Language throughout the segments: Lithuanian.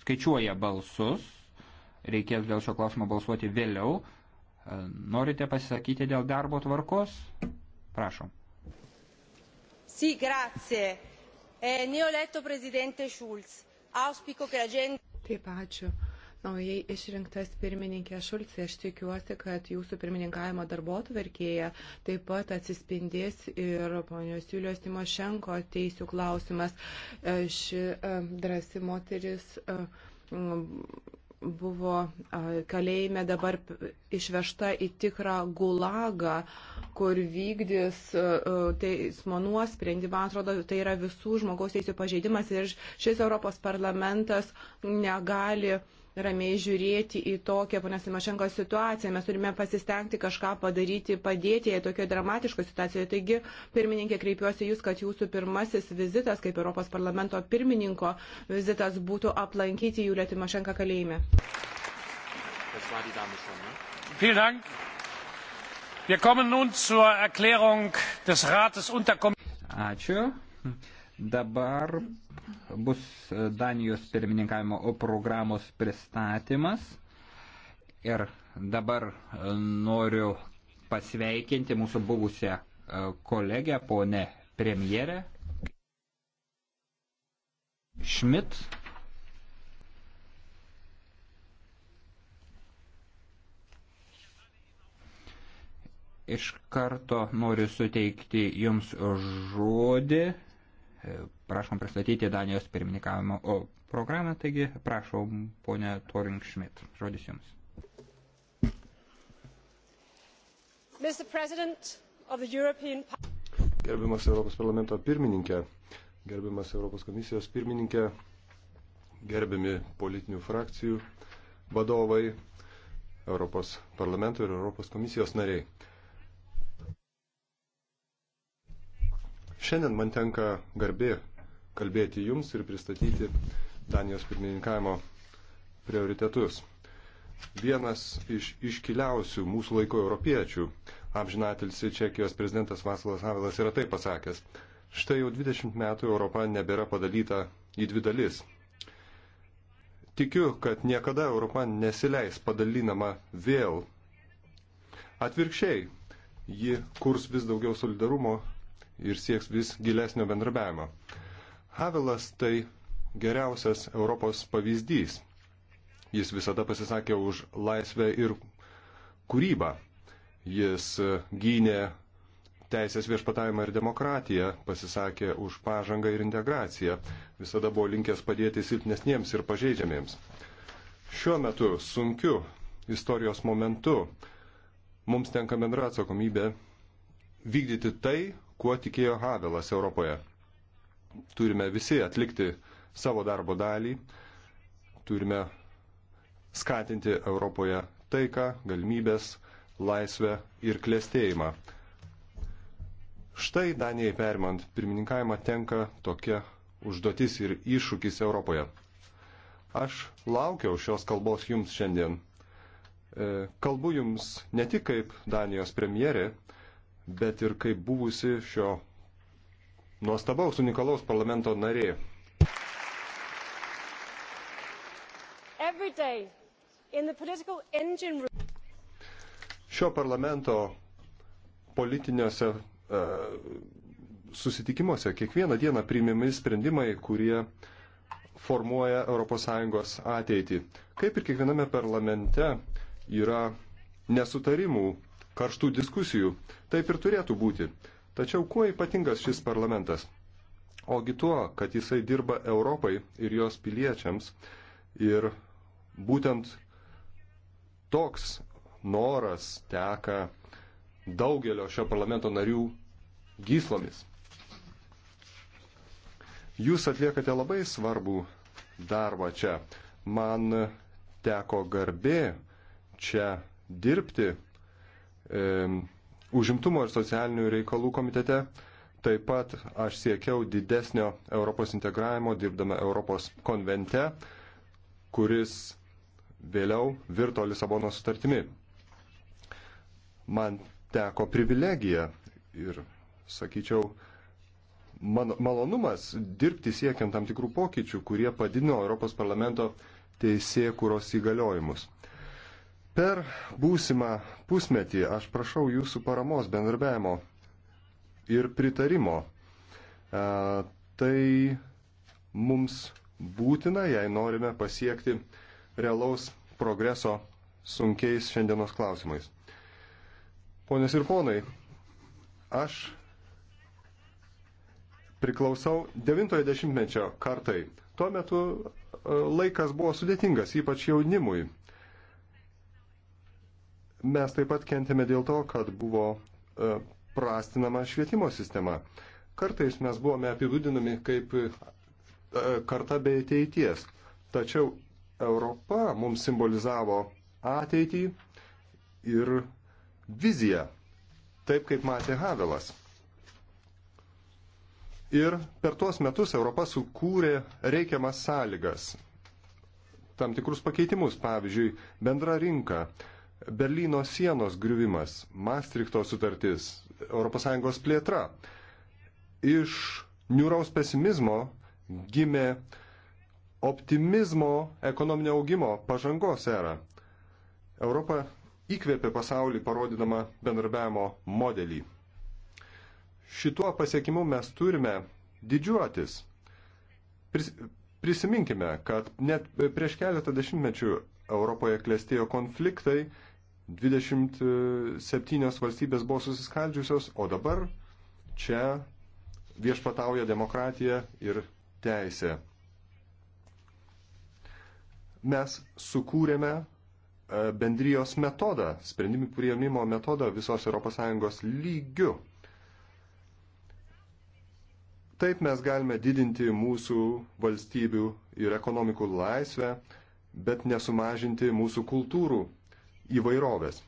skaičiuoja balsus, reikės dėl šio klausimo balsuoti vėliau. E, norite pasisakyti dėl darbo tvarkos? Prašom. Sì, grazie. Eh, ne ho letto Presidente Schulz. Auspico che la gente... Taip, ačiū naujai išrinktas pirmininkė Šulcė. Aš tikiuosi, kad jūsų pirmininkavimo darbo tvarkėje taip pat atsispindės ir ponios Julios Timošenko teisų klausimas. E, ši e, drasi moteris e, buvo kalėjime dabar išvežta į tikrą gulagą, kur vykdys teismo nuosprendį. Man atrodo, tai yra visų žmogaus teisų pažeidimas ir šis Europos parlamentas negali uh, ramiai žiūrėti į tokią ponios Limašenko situaciją. Mes turime pasistengti kažką padaryti, padėti jai tokioje dramatiškoje situacijoje. Taigi, pirmininkė, kreipiuosi jūs, kad jūsų pirmasis vizitas kaip Europos parlamento pirmininko vizitas būtų aplankyti Jūlę Timašenką kalėjime. Ačiū. Dabar bus Danijos pirmininkavimo programos pristatymas ir dabar noriu pasveikinti mūsų buvusią e, kolegę, ponę premjerę Šmit. Iš karto noriu suteikti jums žodį. Prašom pristatyti Danijos pirmininkavimo programą, taigi prašom ponę Toring Schmidt. Žodis jums. European... Gerbiamas Europos parlamento pirmininkė, gerbiamas Europos komisijos pirmininkė, gerbiami politinių frakcijų vadovai, Europos parlamento ir Europos komisijos nariai. Šiandien man tenka garbė kalbėti Jums ir pristatyti Danijos pirmininkavimo prioritetus. Vienas iš iškiliausių mūsų laiko europiečių, amžinatilsi Čekijos prezidentas Vaslavas Havelas yra taip pasakęs. Štai jau 20 metų Europa nebėra padalyta į dvi dalis. Tikiu, kad niekada Europa nesileis padalinama vėl. Atvirkščiai, ji kurs vis daugiau solidarumo ir sieks vis gilesnio bendrabiavimo. Havelas tai geriausias Europos pavyzdys. Jis visada pasisakė už laisvę ir kūrybą. Jis e, gynė teisės viešpatavimą ir demokratiją, pasisakė už pažangą ir integraciją, visada buvo linkęs padėti silpnesniems ir pažeidžiamiems. Šiuo metu sunkiu istorijos momentu mums tenka bendra atsakomybė vykdyti tai, kuo tikėjo Havelas Europoje. Turime visi atlikti savo darbo dalį, turime skatinti Europoje taiką, galimybės, laisvę ir klėstėjimą. Štai Danijai perimant pirmininkavimą tenka tokia užduotis ir iššūkis Europoje. Aš laukiau šios kalbos jums šiandien. E, kalbu jums ne tik kaip Danijos premjerė, bet ir kaip buvusi šio nuostabaus unikalaus parlamento narė. Engine... Šio parlamento politiniuose uh, susitikimuose kiekvieną dieną priimimi sprendimai, kurie formuoja ES ateitį. Kaip ir kiekviename parlamente yra nesutarimų karštų diskusijų. Taip ir turėtų būti. Tačiau kuo ypatingas šis parlamentas? Ogi tuo, kad jisai dirba Europai ir jos piliečiams. Ir būtent toks noras teka daugelio šio parlamento narių gyslomis. Jūs atliekate labai svarbų darbą čia. Man teko garbė čia dirbti E, užimtumo ir socialinių reikalų komitete. Taip pat aš siekiau didesnio Europos integravimo dirbdama Europos konvente, kuris vėliau virto Lisabono sutartimi. Man teko privilegija ir, sakyčiau, man, malonumas dirbti siekiant tam tikrų pokyčių, kurie padidino Europos parlamento teisėkuros įgaliojimus. Per būsimą pusmetį aš prašau jūsų paramos, bendarbiavimo ir pritarimo. E, tai mums būtina, jei norime pasiekti realaus progreso sunkiais šiandienos klausimais. Ponės ir ponai, aš priklausau 90-mečio kartai. Tuo metu e, laikas buvo sudėtingas, ypač jaunimui. Mes taip pat kentėme dėl to, kad buvo e, prastinama švietimo sistema. Kartais mes buvome apibūdinami kaip e, karta be ateities. Tačiau Europa mums simbolizavo ateitį ir viziją, taip kaip matė Havelas. Ir per tuos metus Europa sukūrė reikiamas sąlygas, tam tikrus pakeitimus, pavyzdžiui, bendra rinka, Berlyno sienos griuvimas, Maastrichto sutartis, ES plėtra. Iš niūraus pesimizmo gimė optimizmo, ekonominio augimo, pažangos era. Europa įkvėpė pasaulį parodydama bendrabiavimo modelį. Šituo pasiekimu mes turime didžiuotis. Pris, prisiminkime, kad net prieš keletą dešimtmečių Europoje klestėjo konfliktai 27 e, valstybės buvo susiskaldžiusios, o dabar čia viešpatauja demokratija ir teisė. Mes sukūrėme e, bendrijos metodą, sprendimų prieimimo metodą visos ES lygių. Taip mes galime didinti mūsų valstybių ir ekonomikų laisvę, bet nesumažinti mūsų kultūrų įvairovės.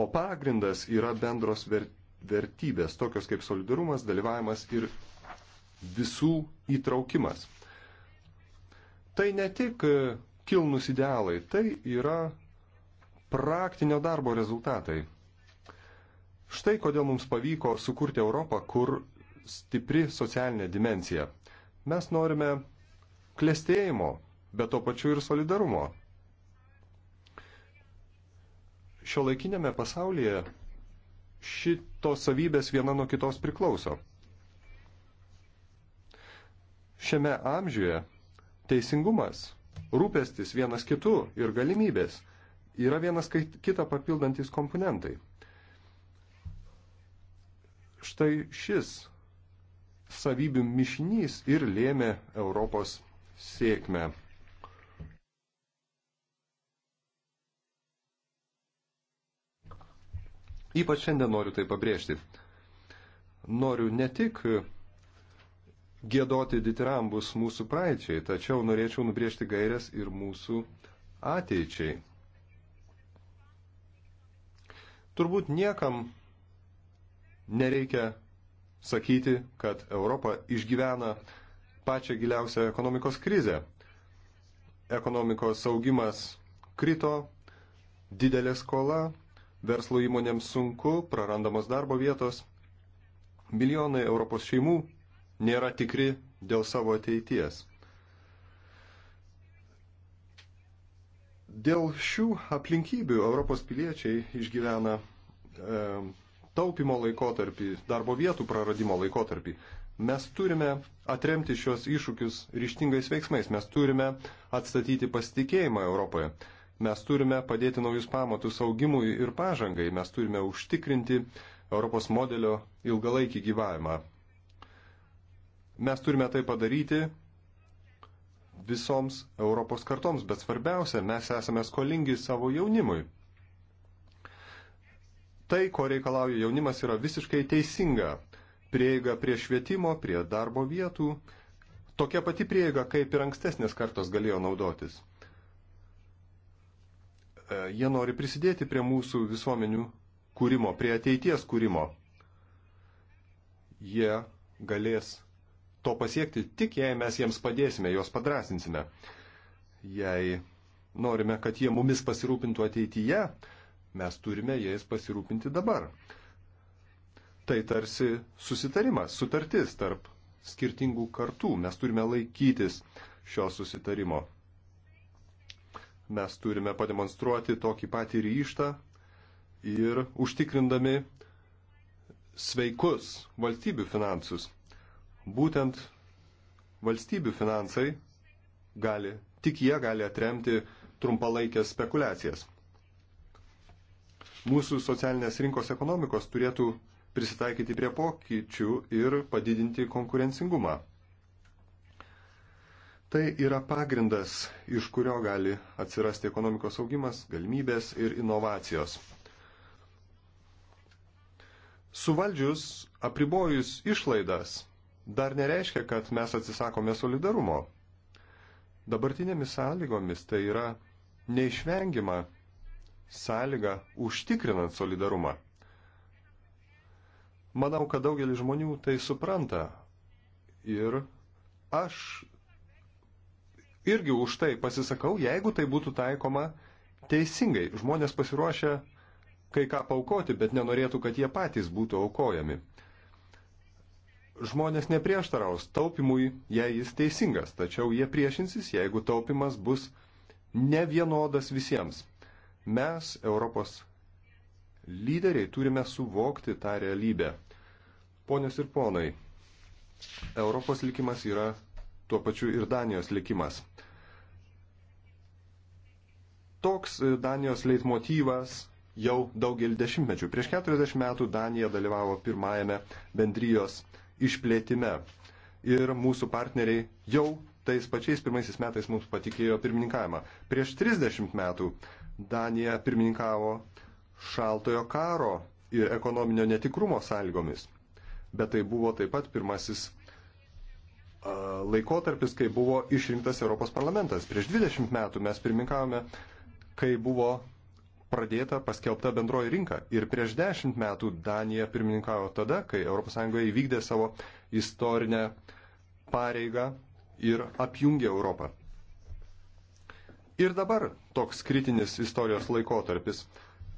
O pagrindas yra bendros vertybės, tokios kaip solidarumas, dalyvavimas ir visų įtraukimas. Tai ne tik e, kilnus idealai, tai yra praktinio darbo rezultatai. Štai kodėl mums pavyko sukurti Europą, kur stipri socialinė dimencija. Mes norime klėstėjimo, bet to pačiu ir solidarumo šio laikinėme pasaulyje šitos savybės viena nuo kitos priklauso. Šiame amžiuje teisingumas, rūpestis vienas kitu ir galimybės yra vienas kitą papildantis komponentai. Štai šis savybių mišinys ir lėmė Europos sėkmę. Ypač šiandien noriu tai pabrėžti. Noriu ne tik gėdoti ditirambus mūsų praeičiai, tačiau norėčiau nubriežti gairias ir mūsų ateičiai. Turbūt niekam nereikia sakyti, kad Europa išgyvena pačią giliausią ekonomikos krizę. Ekonomikos augimas krito, didelė skola, verslo įmonėms sunku, prarandamos darbo vietos. Milijonai Europos šeimų nėra tikri dėl savo ateities. Dėl šių aplinkybių Europos piliečiai išgyvena e, taupimo laikotarpį, darbo vietų praradimo laikotarpį. Mes turime atremti šios iššūkius ryštingais veiksmais, mes turime atstatyti pasitikėjimą Europoje. Mes turime padėti naujus pamatus augimui ir pažangai. Mes turime užtikrinti Europos modelio ilgalaikį gyvavimą. Mes turime tai padaryti visoms Europos kartoms, bet svarbiausia, mes esame skolingi savo jaunimui. Tai, ko reikalauja jaunimas, yra visiškai teisinga. Prieiga prie švietimo, prie darbo vietų, tokia pati prieiga, kaip ir ankstesnės kartos galėjo naudotis. E, jie nori prisidėti prie mūsų visuomenių kūrimo, prie ateities kūrimo. Jie galės to pasiekti tik jei mes jiems padėsime, juos padrasinsime. Jei norime, kad jie mumis pasirūpintų ateityje, mes turime jais pasirūpinti dabar. Tai tarsi susitarimas, sutartis tarp skirtingų kartų. Mes turime laikytis šio susitarimo. Mes turime pademonstruoti tokį patį ryštą ir užtikrindami sveikus valstybių finansus. Būtent valstybių finansai gali, tik jie gali atremti trumpalaikės spekulacijas. Mūsų socialinės rinkos ekonomikos turėtų prisitaikyti prie pokyčių ir padidinti konkurencingumą. Tai yra pagrindas, iš kurio gali atsirasti ekonomikos augimas, galimybės ir inovacijos. Suvaldžius, apribojus išlaidas, dar nereiškia, kad mes atsisakome solidarumo. Dabartinėmis sąlygomis tai yra neišvengiama sąlyga užtikrinant solidarumą. Manau, kad daugelis žmonių tai supranta ir aš irgi už tai pasisakau, jeigu tai būtų taikoma teisingai. Žmonės pasiruošę kai ką paukoti, bet nenorėtų, kad jie patys būtų aukojami. Žmonės neprieštaraus taupimui, jei jis teisingas, tačiau jie priešinsis, jeigu taupimas bus nevienodas visiems. Mes, Europos lyderiai, turime suvokti tą realybę. Ponios ir ponai, Europos likimas yra tuo pačiu ir Danijos likimas. Toks e, Danijos leitmotyvas jau daugelį dešimtmečių. Prieš 40 metų Danija dalyvavo pirmajame bendrijos išplėtime. Ir mūsų partneriai jau tais pačiais pirmaisiais metais mums patikėjo pirmininkavimą. Prieš 30 metų Danija pirmininkavo šaltojo karo ir ekonominio netikrumo sąlygomis. Bet tai buvo taip pat pirmasis laikotarpis, kai buvo išrinktas Europos parlamentas. Prieš 20 metų mes pirmininkavome, kai buvo pradėta paskelbta bendroji rinka. Ir prieš 10 metų Danija pirmininkavo tada, kai ES įvykdė savo istorinę pareigą ir apjungė Europą. Ir dabar toks kritinis istorijos laikotarpis.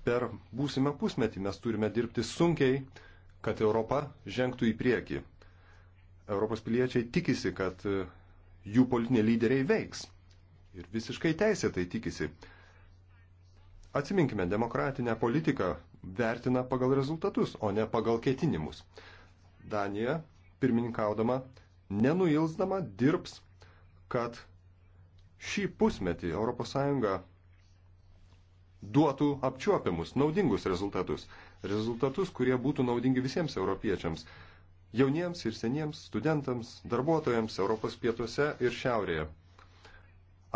Per būsimą pusmetį mes turime dirbti sunkiai, kad Europa žengtų į priekį. Europos piliečiai tikisi, kad e, jų politiniai lyderiai veiks. Ir visiškai teisėtai tikisi. Atsiminkime, demokratinę politiką vertina pagal rezultatus, o ne pagal ketinimus. Danija, pirmininkaudama, nenuilsdama dirbs, kad šį pusmetį ES duotų apčiuopiamus, naudingus rezultatus. Rezultatus, kurie būtų naudingi visiems europiečiams jauniems ir seniems studentams, darbuotojams Europos pietuose ir šiaurėje.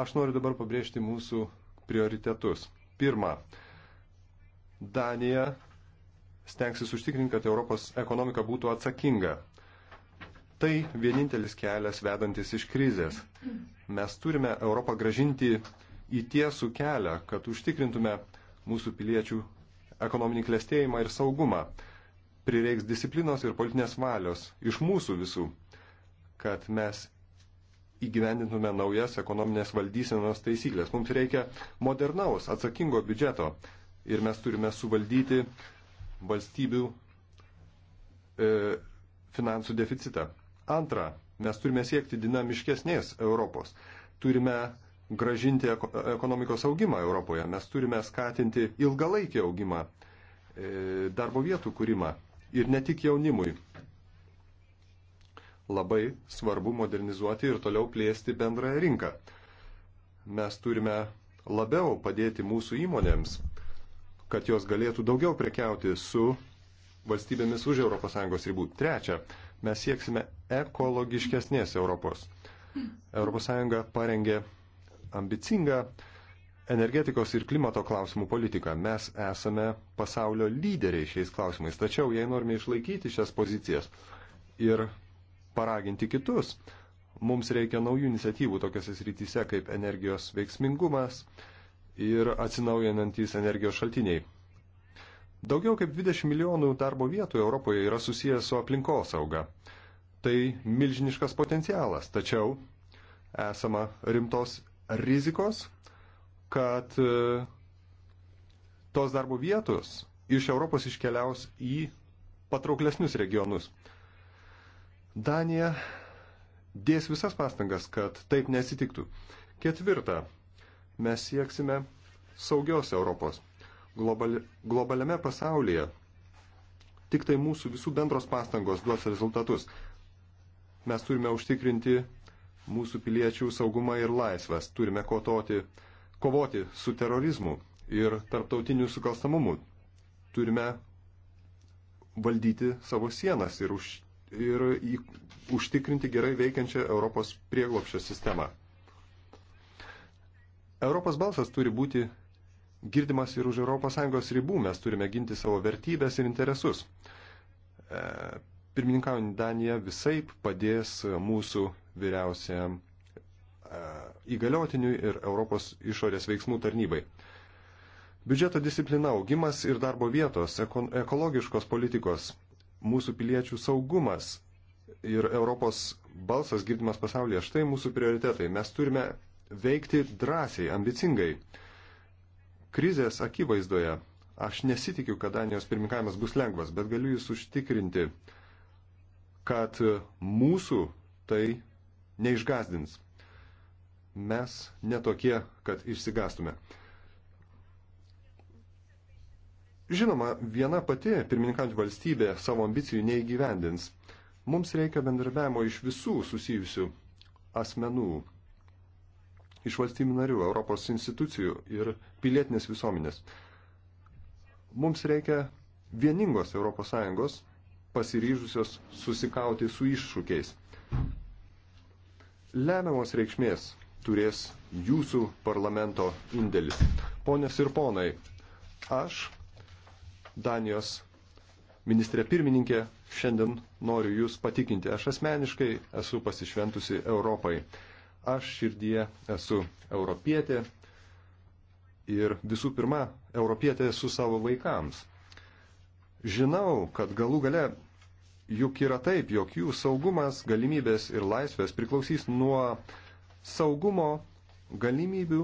Aš noriu dabar pabrėžti mūsų prioritetus. Pirma, Danija stengsis užtikrinti, kad Europos ekonomika būtų atsakinga. Tai vienintelis kelias vedantis iš krizės. Mes turime Europą gražinti į tiesų kelią, kad užtikrintume mūsų piliečių ekonominį klėstėjimą ir saugumą prireiks disciplinos ir politinės valios iš mūsų visų, kad mes įgyvendintume naujas ekonominės valdysenos taisyklės. Mums reikia modernaus, atsakingo biudžeto ir mes turime suvaldyti valstybių e, finansų deficitą. Antra, mes turime siekti dinamiškesnės Europos. Turime gražinti ekonomikos augimą Europoje. Mes turime skatinti ilgalaikį augimą, e, darbo vietų kūrimą ir ne tik jaunimui. Labai svarbu modernizuoti ir toliau plėsti bendrąją rinką. Mes turime labiau padėti mūsų įmonėms, kad jos galėtų daugiau prekiauti su valstybėmis už ES ribų. Trečia, mes sieksime ekologiškesnės Europos. ES parengė ambicingą energetikos ir klimato klausimų politiką. Mes esame pasaulio lyderiai šiais klausimais, tačiau jei norime išlaikyti šias pozicijas ir paraginti kitus, mums reikia naujų iniciatyvų tokiose srityse kaip energijos veiksmingumas ir atsinaujinantys energijos šaltiniai. Daugiau kaip 20 milijonų darbo vietų Europoje yra susijęs su aplinkosauga. Tai milžiniškas potencialas, tačiau esama rimtos rizikos, kad e, tos darbo vietos iš Europos iškeliaus į patrauklesnius regionus. Danija dės visas pastangas, kad taip nesitiktų. Ketvirta, mes sieksime saugios Europos. Globali, globaliame pasaulyje tik tai mūsų visų bendros pastangos duos rezultatus. Mes turime užtikrinti mūsų piliečių saugumą ir laisvės, turime kototi kovoti su terorizmu ir tarptautiniu sukalstamumu. Turime valdyti savo sienas ir, už, ir į, užtikrinti gerai veikiančią Europos prieglopščio sistemą. Europos balsas turi būti girdimas ir už ES ribų. Mes turime ginti savo vertybės ir interesus. E, pirmininkaujant Danija visai padės mūsų vyriausiam e, įgaliotiniui ir Europos išorės veiksmų tarnybai. Biudžeto disciplina, augimas ir darbo vietos, ekologiškos politikos, mūsų piliečių saugumas ir Europos balsas girdimas pasaulyje, štai mūsų prioritetai. Mes turime veikti drąsiai, ambicingai. Krizės akivaizdoje aš nesitikiu, kad Danijos pirmininkavimas bus lengvas, bet galiu jūs užtikrinti, kad mūsų tai neišgazdins mes netokie, kad išsigastume. Žinoma, viena pati pirmininkant valstybė savo ambicijų neįgyvendins. Mums reikia bendradarbiavimo iš visų susijusių asmenų, iš valstybių narių, Europos institucijų ir pilietinės visuomenės. Mums reikia vieningos ES pasiryžusios susikauti su iššūkiais. Lemiamos reikšmės turės jūsų parlamento indėlis. Ponios ir ponai, aš, Danijos ministrė pirmininkė, šiandien noriu jūs patikinti. Aš asmeniškai esu pasišventusi Europai. Aš širdyje esu europietė ir visų pirma, europietė esu savo vaikams. Žinau, kad galų gale juk yra taip, jog jų saugumas, galimybės ir laisvės priklausys nuo uh, saugumo galimybių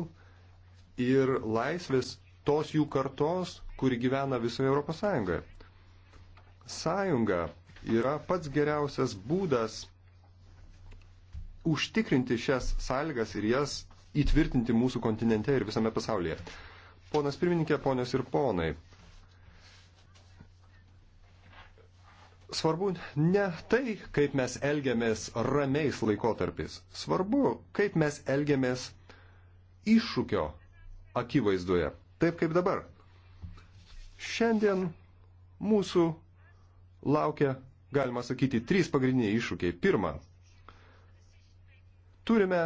ir laisvės tos jų kartos, kuri gyvena visoje Europos Sąjungoje. Sąjunga yra pats geriausias būdas užtikrinti šias sąlygas ir jas įtvirtinti mūsų kontinente ir visame pasaulyje. Ponas pirmininkė, ponios ir ponai, Svarbu ne tai, kaip mes elgiamės ramiais laikotarpiais. Svarbu, kaip mes elgiamės iššūkio akivaizdoje. Taip kaip dabar. Šiandien mūsų laukia, galima sakyti, trys pagrindiniai iššūkiai. Pirma, turime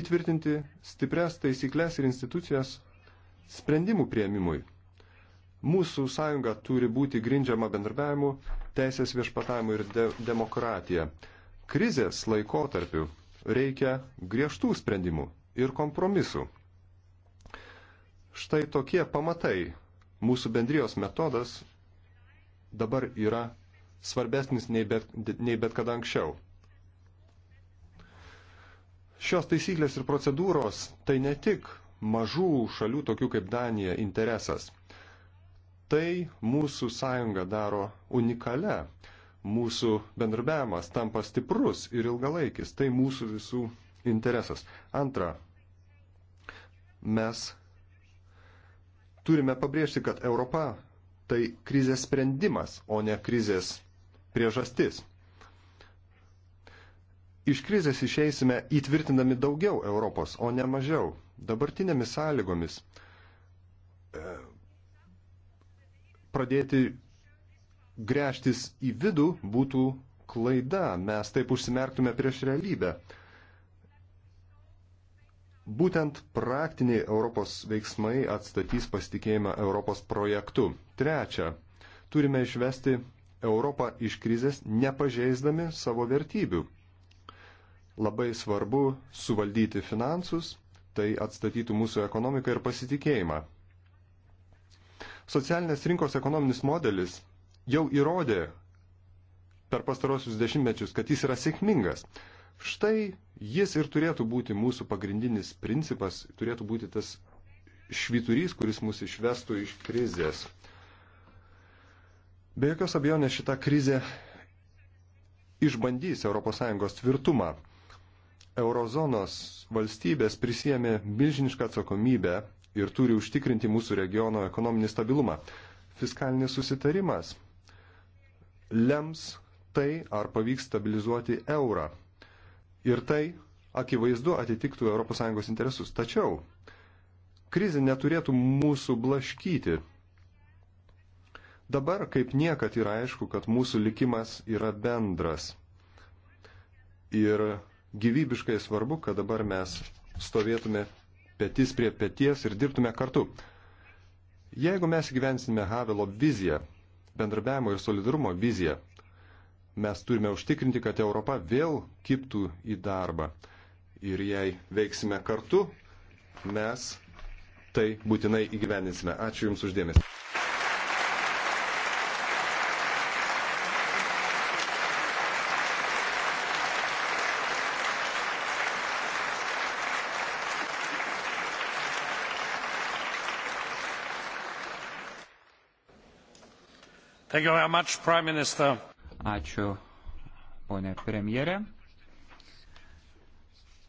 įtvirtinti stiprias taisyklės ir institucijas sprendimų prieimimui. Mūsų sąjunga turi būti grindžiama bendarbiavimu, teisės viešpatavimu ir de demokratija. Krizės laikotarpiu reikia griežtų sprendimų ir kompromisų. Štai tokie pamatai mūsų bendrijos metodas dabar yra svarbesnis nei bet, nei bet kada anksčiau. Šios taisyklės ir procedūros tai ne tik mažų šalių, tokių kaip Danija, interesas – tai mūsų sąjunga daro unikale. Mūsų bendrabiavimas tampa stiprus ir ilgalaikis. Tai mūsų visų interesas. Antra, mes turime pabrėžti, kad Europa tai krizės sprendimas, o ne krizės priežastis. Iš krizės išeisime įtvirtindami daugiau Europos, o ne mažiau. Dabartinėmis sąlygomis pradėti grėžtis į vidų būtų klaida. Mes taip užsimerktume prieš realybę. Būtent praktiniai Europos veiksmai atstatys pasitikėjimą Europos projektu. Trečia, turime išvesti Europą iš krizės nepažeisdami savo vertybių. Labai svarbu suvaldyti finansus, tai atstatytų mūsų ekonomiką ir pasitikėjimą. Socialinės rinkos ekonominis modelis jau įrodė per pastarosius dešimtmečius, kad jis yra sėkmingas. Štai jis ir turėtų būti mūsų pagrindinis principas, turėtų būti tas švyturys, kuris mus išvestų iš krizės. Be jokios abejonės šita krizė išbandys ES tvirtumą. Eurozonos valstybės prisėmė milžinišką atsakomybę ir turi užtikrinti mūsų regiono ekonominį stabilumą. Fiskalinis susitarimas lems tai, ar pavyks stabilizuoti eurą. Ir tai akivaizdu atitiktų ES interesus. Tačiau krizė neturėtų mūsų blaškyti. Dabar kaip niekad yra aišku, kad mūsų likimas yra bendras. Ir gyvybiškai svarbu, kad dabar mes stovėtume petys prie peties ir dirbtume kartu. Jeigu mes gyvensime Havelo viziją, bendrabiavimo ir solidarumo viziją, mes turime užtikrinti, kad Europa vėl kiptų į darbą. Ir jei veiksime kartu, mes tai būtinai įgyvendinsime. Ačiū Jums uždėmesi. Much, Ačiū, ponė premjerė.